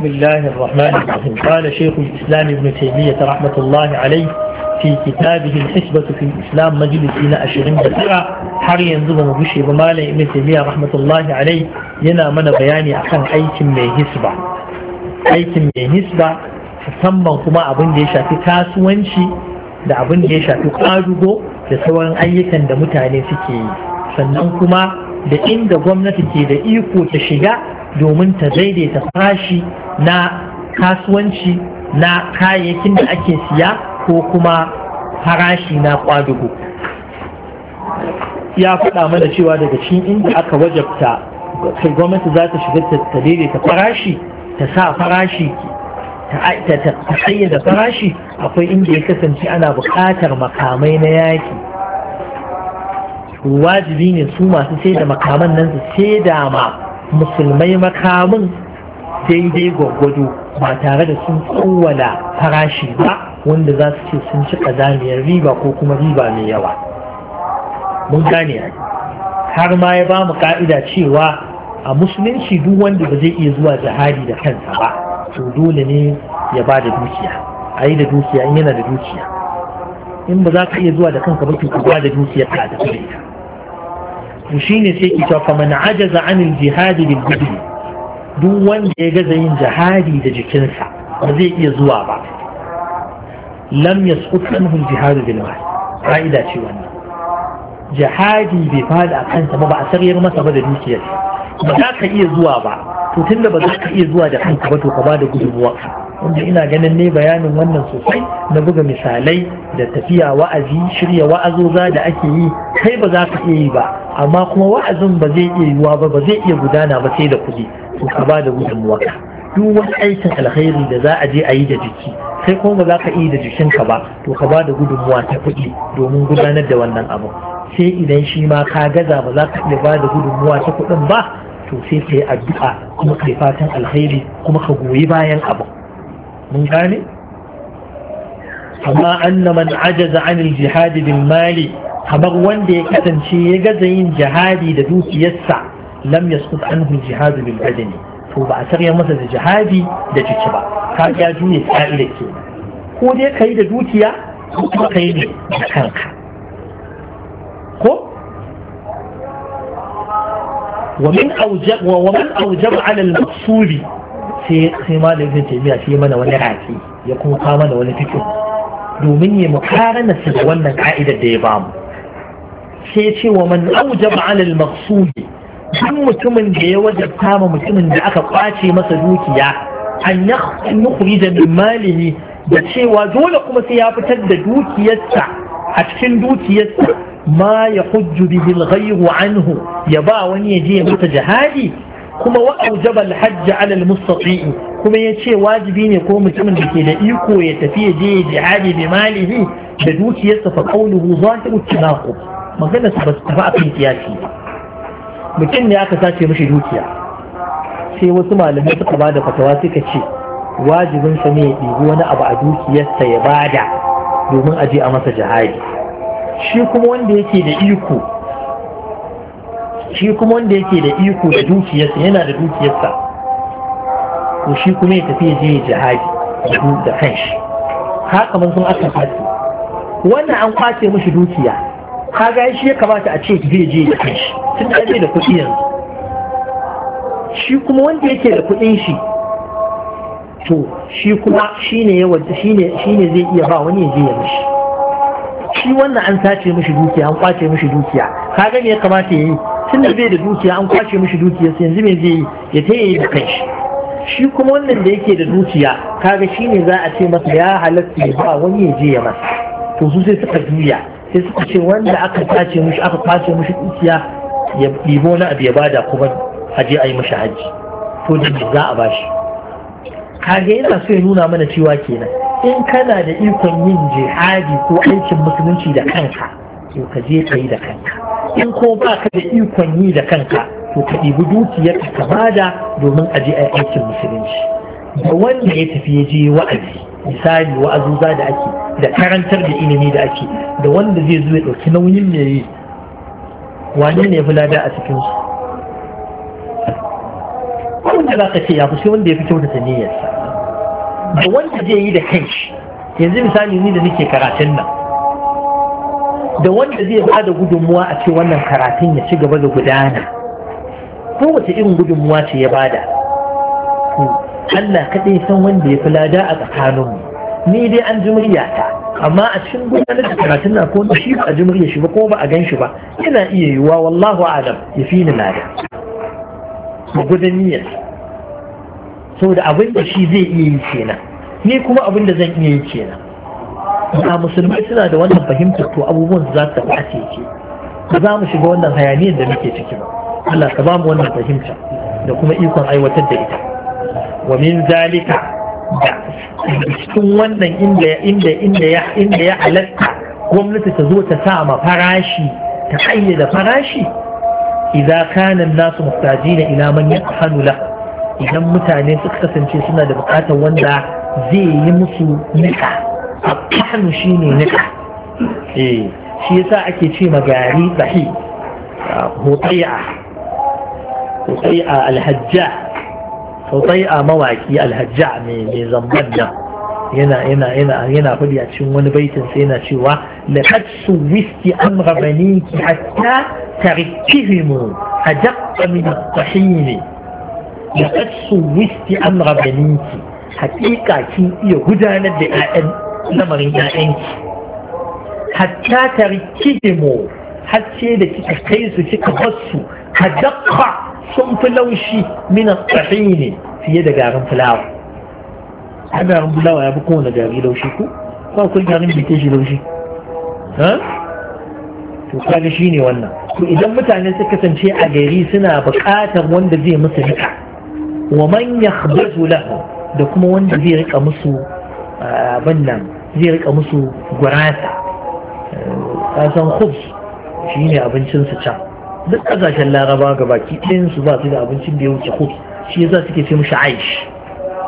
بسم الله الرحمن الرحيم قال شيخ الإسلام ابن تيمية رحمة الله عليه في كتابه الحسبة في الإسلام مجلس إلى أشرين بسرعة حري ينظم بشي بمال ابن تيمية رحمة الله عليه ينا من بياني أخن أيكم من حسبة أيكم من حسبة musamman kuma abin da ya shafi kasuwanci da abin da ya shafi ƙarugo da sauran ayyukan da mutane suke yi sannan kuma da inda gwamnati ke da iko ta shiga domin ta daidaita fashi na kasuwanci na kayayyakin da ake siya ko kuma farashi na kwadugo ya faɗa mana cewa daga cikin inda aka wajabta kai gwamnati za ta shiga ta daidaita farashi ta sa farashi ta da farashi akwai inda ya kasance ana buƙatar makamai na yaƙi wajibi ne su masu sai da makaman nan su sai da ma musulmai makamin daidai gwaggwado ba tare da sun tsawwala farashi ba wanda za su ce sun ci kazamiyar riba ko kuma riba mai yawa mun gane har ma ya ba mu ka'ida cewa a musulunci duk wanda ba zai iya zuwa jihadi da kansa ba to dole ne ya ba da dukiya a yi da dukiya in yana da dukiya in ba za ka iya zuwa da kanka ba to ka ba da dukiya ka da kuɗi to shine sai ki cewa faman ajaza anil jihadi bil duk wanda ya gaza yin jihadi da jikinsa ba zai iya zuwa ba lam yasqut anhu al bil mal fa'ida ce wannan jihadi bai fada a kansa ba ba a sarriyar masa ba da dukiyar ba za ka iya zuwa ba to tunda ba za ka iya zuwa da kanka ba to ka ba da gudunmuwa wanda ina ganin ne bayanin wannan sosai na buga misalai da tafiya wa'azi shirya wa'azoza da ake yi kai ba za ka iya yi ba amma kuma wa'azin ba zai iya yiwuwa ba ba zai iya gudana ba sai da kuɗi to ka ba da gudunmuwa duk wani aikin alkhairi da za a je a yi da jiki sai kuma ba za ka yi da ka ba to ka ba da gudunmuwa ta kuɗi domin gudanar da wannan abu sai idan shi ma ka gaza ba za ka iya ba da ta kuɗin ba to sai ka yi addu'a kuma ka yi fatan alkhairi kuma ka goyi bayan abu mun gane amma anna man ajaza anil jihadi bil mali kamar wanda ya kasance ya gaza yin jihadi da dukiyarsa lam yasqut anhu al-jihad bil badani to ba a sarya masa da jihadi da ciki ba ka ya juye sa'ida ke ko dai kai da dukiya ko kuma kai ne da kanka ko ومن أوجب ومن أوجب على المقصود sai malamin ibn taymiya sai mana wani rafi ya kuma mana wani fikin domin ya mukarana su da wannan ka'idar da ya bamu sai ce wa man duk mutumin da ya wajabta ma mutumin da aka kwace masa dukiya an yi da min malihi da cewa dole kuma sai ya fitar da dukiyarsa a cikin dukiyarsa ma ya hujju bihi al anhu ya ba wani ya je masa jihadi kuma wa aujaba al ala al kuma ya ce wajibi ne ko mutumin da ke da iko ya tafi ya je jihadi bi malihi da dukiyarsa fa qawluhu zahiru tilaqu magana ba ta ba kiyasi mutum ne aka sace mishi dukiya sai wasu malamai suka ba da fatawa suka ce wajibinsa ne ya ɗibi wani abu a dukiyarsa ya bada domin aje a masa jihadi shi kuma wanda yake da iko shi kuma wanda yake da iko da dukiyarsa yana da dukiyarsa to shi kuma ya tafi je jihadi da kanshi haka mun sun aka kwace wannan an kwace mishi dukiya kaga shi ya kamata a ce zai je da kai tun da zai da kuɗi yanzu shi kuma wanda yake da kuɗin shi to shi kuma ne ya wace shi ne zai iya ba wani ya je ya mishi shi wannan an sace mishi dukiya an kwace mishi dukiya kaga me ya kamata ya yi tun da zai da dukiya an kwace mishi dukiya sai yanzu me zai yi ya ta yi da kai shi kuma wannan da yake da dukiya kaga ne za a ce masa ya halatta ya ba wani ya je ya masa to su sai suka juya sai suka ce wanda aka tace mushi aka kwace mushi dukiya ya ɗibo na abu ya bada kuma a je a yi mashi hajji to da za a bashi kage yana so ya nuna mana cewa kenan in kana da ikon yin jihadi ko aikin musulunci da kanka to ka je ka yi da kanka in ko ba ka da ikon yi da kanka to ka ɗibi dukiyar ka bada domin a je a yi aikin musulunci da wanda ya tafi ya je wa'azi misali azuza da ake da karantar da ilimi da ake da wanda zai zo ya dauki nauyin me yi wani ne fi lada a cikin su wanda za ka ce ya fi wanda ya fi kyautata niyyarsa da wanda zai yi da kanshi yanzu misali ni da nake karatun nan da wanda zai ba da gudunmuwa a ce wannan karatun ya ci gaba da gudana kowace irin gudunmuwa ce ya bada Allah kaɗai san wanda ya fi lada a tsakaninmu ni dai an ji muryata amma a cikin gudanar da karatun na ko shi ba a ji murya shi ba ko ba a gan shi ba yana iya yiwuwa wallahu alam ya fi ni lada ba gudan niyyar saboda abin da shi zai iya yi kenan ni kuma abin da zan iya yi kenan a musulmai suna da wannan fahimtar to abubuwan za su ɓace ke ba za mu shiga wannan hayaniyar da muke ciki ba Allah ka ba mu wannan fahimta da kuma ikon aiwatar da ita wa min zalika da cikin wannan inda inda inda ya inda ya halatta gwamnati ta zo ta sa ma farashi ta kayyada farashi idza kana an-nasu muhtajina ila man yahanu la idan mutane suka kasance suna da bukatar wanda zai yi musu nika a shine nika eh shi yasa ake ce ma gari sahi hutai'a hutai'a al-hajjah sautai mawaki alhajja mai zamban da yana yana yana yana fadi a cikin wani baitin sai yana cewa la wisti an rabani ki hatta tarikihimu ajaqqa min tahini la tahin wisti an rabani ki hakika kin iya gudanar da ƴaƴan lamarin ki hatta tarikihimu har sai da kika kai su kika bar su ajaqqa صم في من الطحين في يد قارن في العرض حبا رب الله ويبقون جاري لوشيكو فهو كل قارن لو لوشي ها وقال شيني وانا إذا متى نسكة شيء عجري سنة بقاتا وان دزي مصر ركع ومن يخبز له دكما وان دزي ركع مصر آه، بنا دزي ركع مصر قراتا أسان آه، خبز شيني أبنشن سچا duk ƙasashen laraba ga baki ɗayan su ba su da abincin da ya wuce hutu shi yasa suke ce mishi aish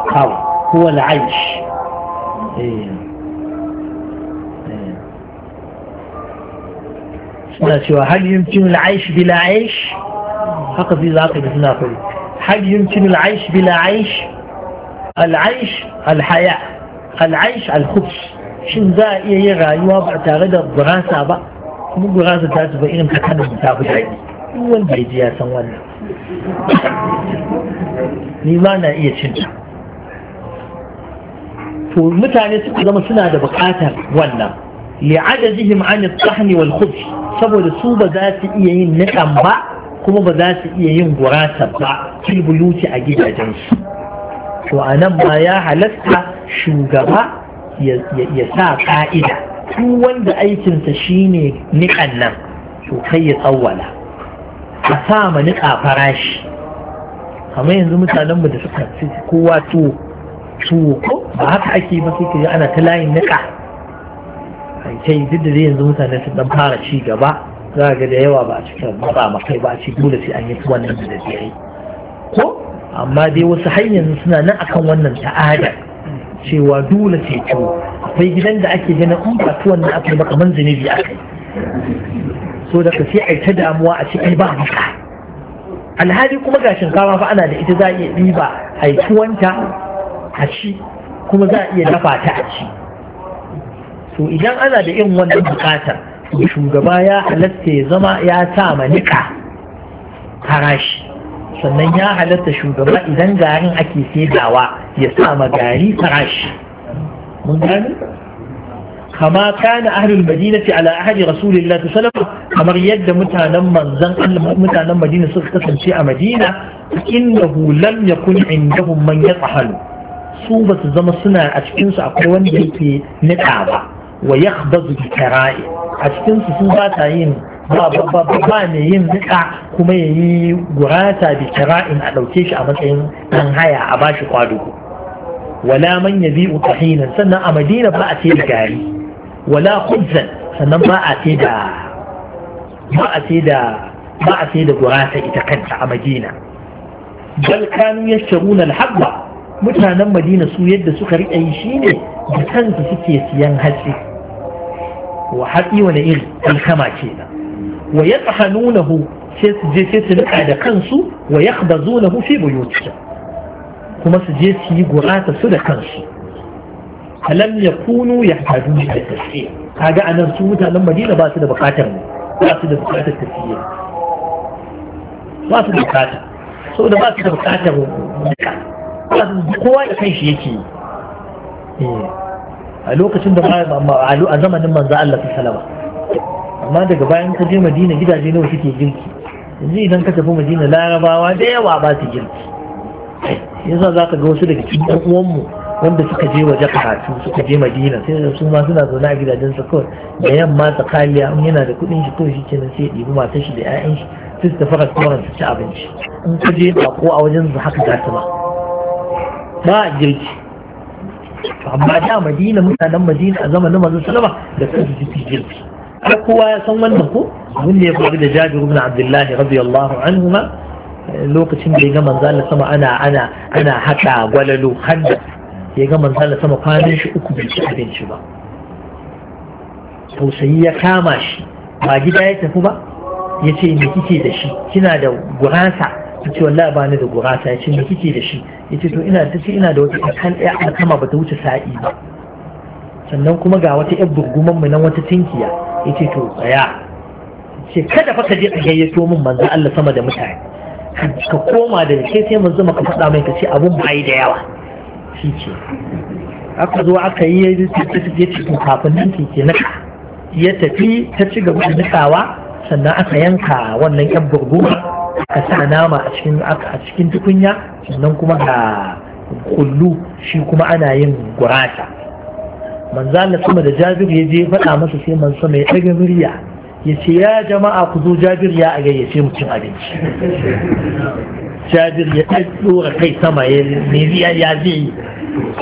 kawo huwa aish suna cewa hal yumkin al'aish bila aish haka zai za ka ji suna fari hal yumkin al'aish bila aish al'aish alhaya al'aish alkhubs shin za a iya yin rayuwa ba tare da burasa ba kuma gurasa ta zuba irin ta kanin ta fi daɗi wanda ya ya san wannan ni ma na iya cin ta to mutane suka zama suna da buƙatar wannan li'adadihim an at-tahni wal khubz saboda su ba za su iya yin nikan ba kuma ba za su iya yin gurasa ba fil buyuti a gidajen su to anan ma ya halasta shugaba ya sa ka'ida duk wanda aikinsa shine niƙan nan to kai ya tsawwala a sa ma niƙa farashi kamar yanzu mutanenmu da suka ce kowa tuwo tuwo ko ba haka ake ba sai kaje ana ta layin niƙa kai sai duk da zai yanzu mutane su dan fara ci gaba za ga da yawa ba a cikin matsa ma kai ba a ci dole sai an yi da zai ko amma dai wasu har suna nan akan wannan ta'ada cewa dole sai tuwo akwai gidan da ake ganin in ba tuwon na aka yi ba zunubi a kai. so da ka sai a ta damuwa a cikin ba maka alhali kuma ga shinkawa fa ana da ita za a iya ɗiba a yi a ci kuma za a iya dafa ta a ci so idan ana da irin wannan bukatar shugaba ya halatta ya zama ya sa ma niƙa harashi sannan ya halatta shugaba idan garin ake saidawa ya sa ma gari farashi mun kama kana ahlul madinati ala ahli rasulillahi sallallahu alaihi wasallam kamar yadda mutanen Allah mutanen Madina suka kasance a Madina innahu lam yakun indahum man yatahalu su ba su zama suna a cikin su akwai wanda yake nika ba wa yakhbazu bi kara'i a cikin su sun ba ta yin ba ba ba ne yin nika kuma yayi gurata bi a dauke shi a matsayin dan haya a bashi kwadugo wala man yabi'u tahinan sannan a madina ba a da gari wala khubzan sannan ba a da ba a da ba a da gurasa ita kanta a madina bal kanu al-habba mutanen madina su yadda suka riƙe shi ne da kansu suke siyan hatsi wa hatsi wani iri alkama ce na wa ya sai su je sai su da kansu wa ya fi kuma su je su yi gurata su da kansu alam ya kunu ya hadu da tafiye kaga anan su mutanen madina ba su da bukatar mu ba su da bukatar tafiye ba su da bukata so da ba su da bukatar duka ba su kowa da kanshi yake yi eh, a lokacin da ba a zamanin manzo Allah ta salama amma daga bayan ka je madina gidaje nawa suke girki yanzu idan ka tafi madina larabawa da yawa ba su girki yasa za ka ga wasu daga cikin uwanmu wanda suka je waje karatu suka je madina sai da su ma suna zaune a gidajensa kawai da yamma tsakaliya in yana da kuɗin shi kawai shi kenan sai ya ɗibi matar shi da 'ya'yan shi sai su tafi restaurant su ci abinci in ka je bako a wajen su haka gasu ba ba a girki amma da madina mutanen madina a zamanin manzon salama da kansu su girki har kowa ya san wannan ko abin da ya faru da jabiru bin abdullahi radiyallahu anhu ma lokacin da ya ga manzala sama ana ana ana haɗa gwalalo handa ya ga manzala sama kwanan shi uku bai ci abinci ba tausayi ya kama shi ba gida ya tafi ba ya ce me kike da shi kina da gurasa ta ce wallah ba ni da gurasa ya ce me kike da shi ya ce to ina da ce ina da wata kan ɗaya a sama ba ta wuce sa'i ba sannan kuma ga wata ƴar burguman mu nan wata tinkiya ya ce to tsaya ce kada fa ka je ka gayyato min manzo Allah sama da mutane ka koma da ke sai mun zama ka faɗa mai ka ce abun bai da yawa shi ce aka zo aka yi ya ci kafin nan ke nika ya tafi ta ci gaba da nikawa sannan aka yanka wannan yan burguma aka sa nama a cikin a cikin tukunya sannan kuma ga kullu shi kuma ana yin gurata manzo Allah sama da Jabir ya je faɗa masa sai man mai ɗaga murya ya ce ya jama'a ku zo jabir ya a gayyace mutum abinci jabir ya ɗora kai sama ya zai ya zai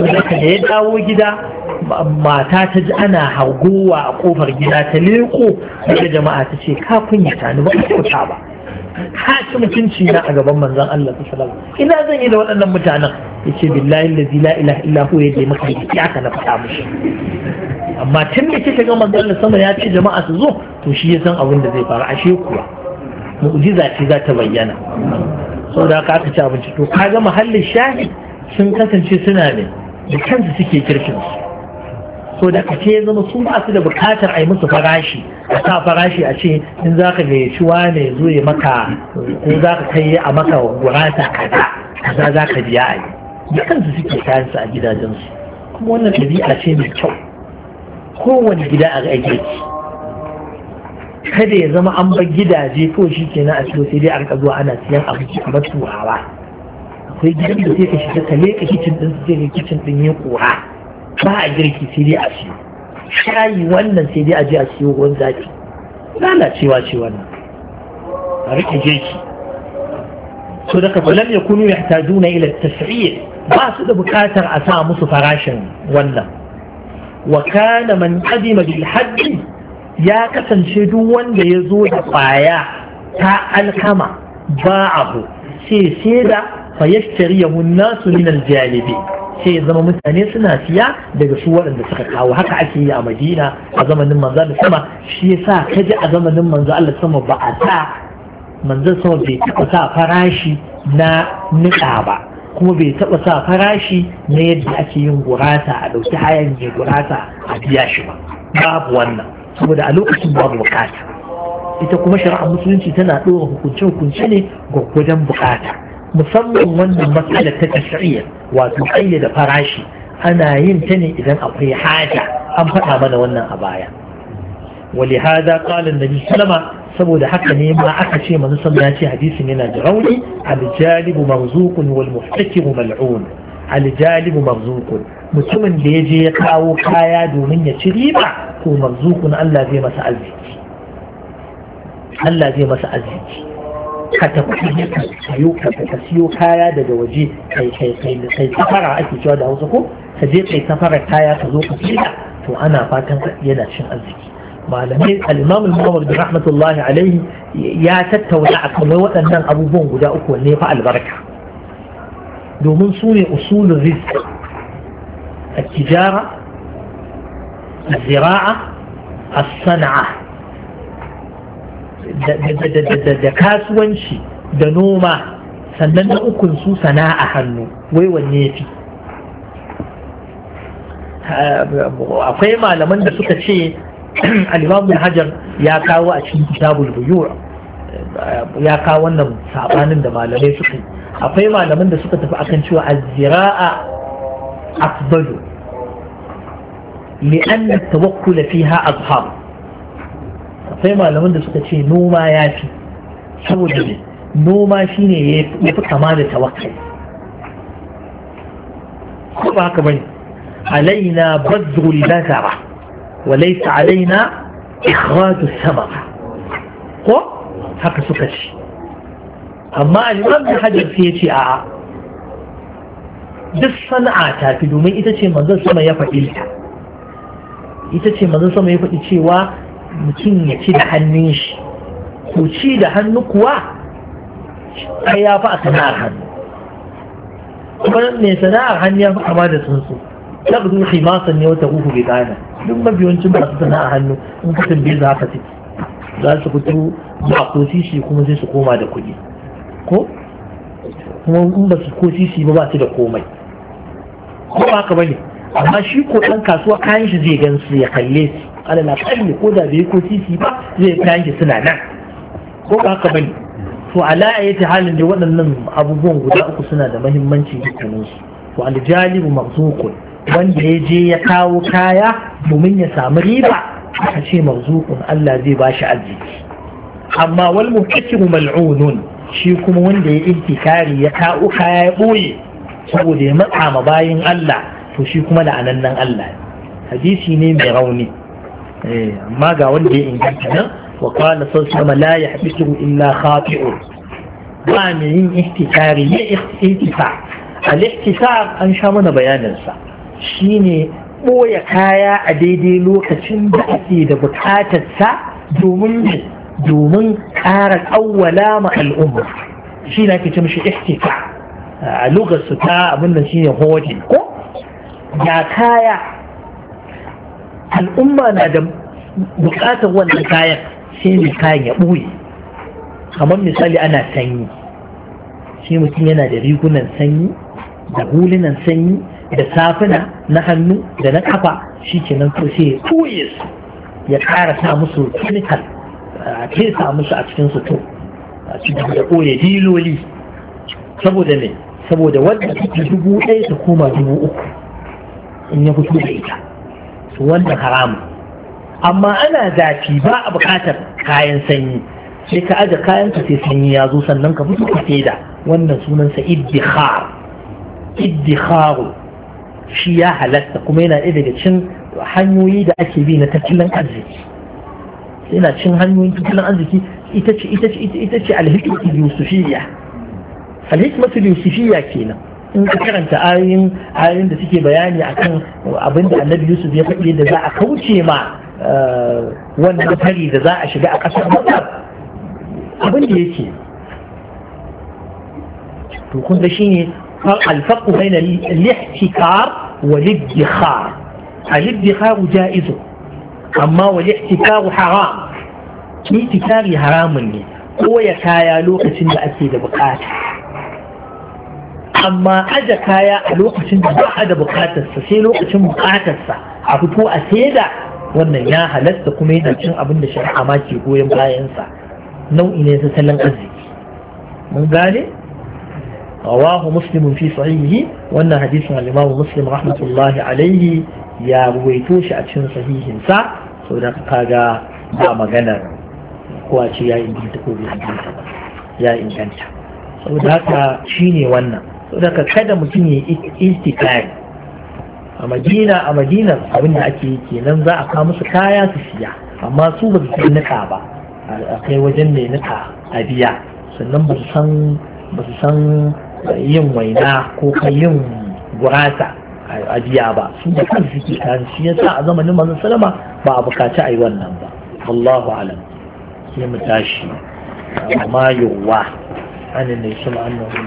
da ya dawo gida mata ta ji ana hargowa a kofar gida ta leko daga jama'a ta ce ka ta ni ba kuta ba ka ci mutunci na a gaban manzon Allah ta ina zan yi da waɗannan mutanen yace billahi allazi la ila ila huwa maka ya aka na faɗa mushi amma tun da kika ga manzon sama ya ce jama'a su zo to shi ya san abin da zai faru ashe kuwa mu'jiza ce za ta bayyana saboda haka aka ci abinci to ka ga mahallin shahi sun kasance suna ne da kansu suke kirkin su so da ka ce zama sun ba su da bukatar a yi musu farashi a sa farashi a ce in za ka gayyaci wane zo ya maka ko za ka kai a maka gurasa kaza kaza za ka biya a yi da kansu suke kayansu a gidajensu kuma wannan ɗabi'a ce mai kyau kowane gida a ra'ayi kada ya zama an bar gidaje ko shi kenan a cikin sai dai a rika zuwa ana siyan abinci kamar turawa akwai gidan da sai ka shiga ka kicin ɗin sai ka kicin ɗin ya kura ba a girki sai dai a siyo shayi wannan sai dai a je a siyo ruwan zafi lalacewa ce wannan a rike girki so daga falam ya kunu ya tajuna ila ba su da bukatar a sa musu farashin wannan wa kana man qadima bil hajji ya kasance duk wanda ya zo da kwaya ta alkama ba abu sai sai da fa yashtariyahu an-nasu min al-jalibi sai zama mutane suna siya daga su waɗanda suka kawo haka ake yi a madina a zamanin manzo da sama shi yasa kaji a zamanin manzo Allah sama ba a sa manzon sama bai taɓa sa farashi na niƙa ba kuma bai taɓa sa farashi na yadda ake yin gurasa a ɗauki hayan mai gurasa a biya shi ba babu wannan saboda a lokacin babu bukata ita kuma shari'ar musulunci tana ɗora hukunce-hukunce ne gudan bukata musamman wannan matsalar ta tashri'iyya wato da farashi ana yin ta ne idan akwai haja an faɗa mana wannan a baya ولهذا قال النبي صلى الله عليه وسلم سبود حقا ما أكشي من صلناتي حديث من الجعون الجالب مرزوق والمحتكر ملعون الجالب مرزوق متمن ليجي يقاو كايا دومن يتريبا هو مرزوق ألا في مسأل ذيك ألا في مسأل ذيك حتى كنت سيوكا فتسيو كايا دا جوجي كي كي كي كي سفر عائتي جوا دا وزكو فجي كي سفر كايا فزوك فيها فأنا فاتن ينشن الذيكي malamai al-imam al-muhammad bin rahmatullah alayhi ya tattauna a kan waɗannan abubuwan guda uku ne fa albarka domin su ne usulun rizq at-tijara az-zira'a as-sana'a da kasuwanci da noma sannan na ukun su sana'a hannu wai wanne fi akwai malaman da suka ce الإمام بن حجر يقاوى أشياء كتاب البيوع يقاوى أن سعطان عندما لديه سكي أفهم أن من سكة فأكن شو الزراعة أفضل لأن التوكل فيها أظهر أفهم أن من سكة شيء نوما ياتي شو جميل نوما شيني يفت تمام التوكل كل هكذا علينا بذل البذرة وليس علينا إخراج الثمرة ko haka suka ci amma al'imam da hajjar sai ya ce a'a duk sana'a ta fi domin ita ce manzon sama ya faɗi ta ita ce manzon sama ya faɗi cewa mutum ya ci da hannun shi ku ci da hannu kuwa ai ya fi a sana'ar hannu kuma mai sana'ar hannu ya fi kama da tsuntsu tabbu himasan ne wata uku bai gane duk mabiyancin su sana'a hannu in ka tambaye za ka ciki za su fito ba ko sisi kuma sai su koma da kuɗi ko kuma in ba su ko sisi ba ba su da komai ko ba ka bane amma shi ko ɗan kasuwa kayan shi zai gan su ya kalle su ana na kalle ko da bai ko sisi ba zai kayan shi suna nan ko ba ka bane to ala ta halin da waɗannan abubuwan guda uku suna da muhimmanci dukkaninsu to aljalibu marzuqun wanda ya je ya kawo kaya domin ya samu riba aka ce marzukun Allah zai ba shi arziki amma wal muhtakimu mal'unun shi kuma wanda ya kari ya kawo kaya ya boye saboda ya matsa ma bayin Allah to shi kuma la'anan Allah hadisi ne mai rauni eh, amma ga wanda ya inganta nan wa qala sallallahu la yahbisu illa khati'un ba mai yin ihtikari ya ihtikar al-ihtikar an sha mana bayanin sa shine ɓoye kaya a daidai lokacin da ake da bukatarsa domin domin ƙara ƙawwala ma al'umma shi na ke ce mishi ihtika a lokacin ta abin da shine hoji ko ya kaya al'umma na da buƙatar wannan kayan sai mai kayan ya ɓoye kamar misali ana sanyi shi mutum yana da rigunan sanyi da hulunan sanyi da safuna na hannu da na kafa shi ke nan sai ya tuye su ya ƙara sa musu chemical a fesa musu a cikin su to a cikin da ɓoye diloli saboda ne saboda wadda take dubu ɗaya ta koma dubu uku in ya fito da ita su wannan haramu amma ana zafi ba a buƙatar kayan sanyi sai ka aje kayan ka sai sanyi ya zo sannan ka fito ka saida wannan sunansa iddihar iddiharu shi ya halatta kuma yana ɗaya daga cin hanyoyi da ake bi na tattalin arziki yana cin hanyoyin tattalin arziki ita ce ita ce ita ce alhikmatu yusufiyya alhikmatu yusufiyya kenan in ka karanta ayoyin ayoyin da suke bayani akan abin da annabi yusuf ya faɗi da za a kauce ma eh, wannan fari da za a shiga a ƙasar masar abin da yake to kun da shine الفرق بين الاحتكار والادخار الادخار جائز أما والاحتكار حرام احتكار حرام ne koya kaya lokacin da ake da bukata amma aje kaya a lokacin da ba a da bukatarsa sai lokacin bukatarsa a fito a saida wannan ya halatta kuma yana cin abin da shari'a ma ke goyon bayansa nau'i ne ta salon arziki mun gane rawahu muslim fi sahihi wannan hadisin al-imamu muslim rahmatullahi alaihi ya ruwaito shi a cikin sahihin sa saboda kaga ba magana ko a ce ya inganta ko inganta ba da haka shine wannan da ka kada mutum ya istikari a madina a madina abin da ake kenan za a kawo musu kaya su siya amma su ba su san nika ba a kai wajen mai nika a biya sannan ba su san yin waina ko ka yin gurasa a biya ba su da kan suke kan shi yasa a zamanin manzon salama ba a bukaci a yi wannan ba wallahu alam sai mu tashi amma yawwa an ne sun annabi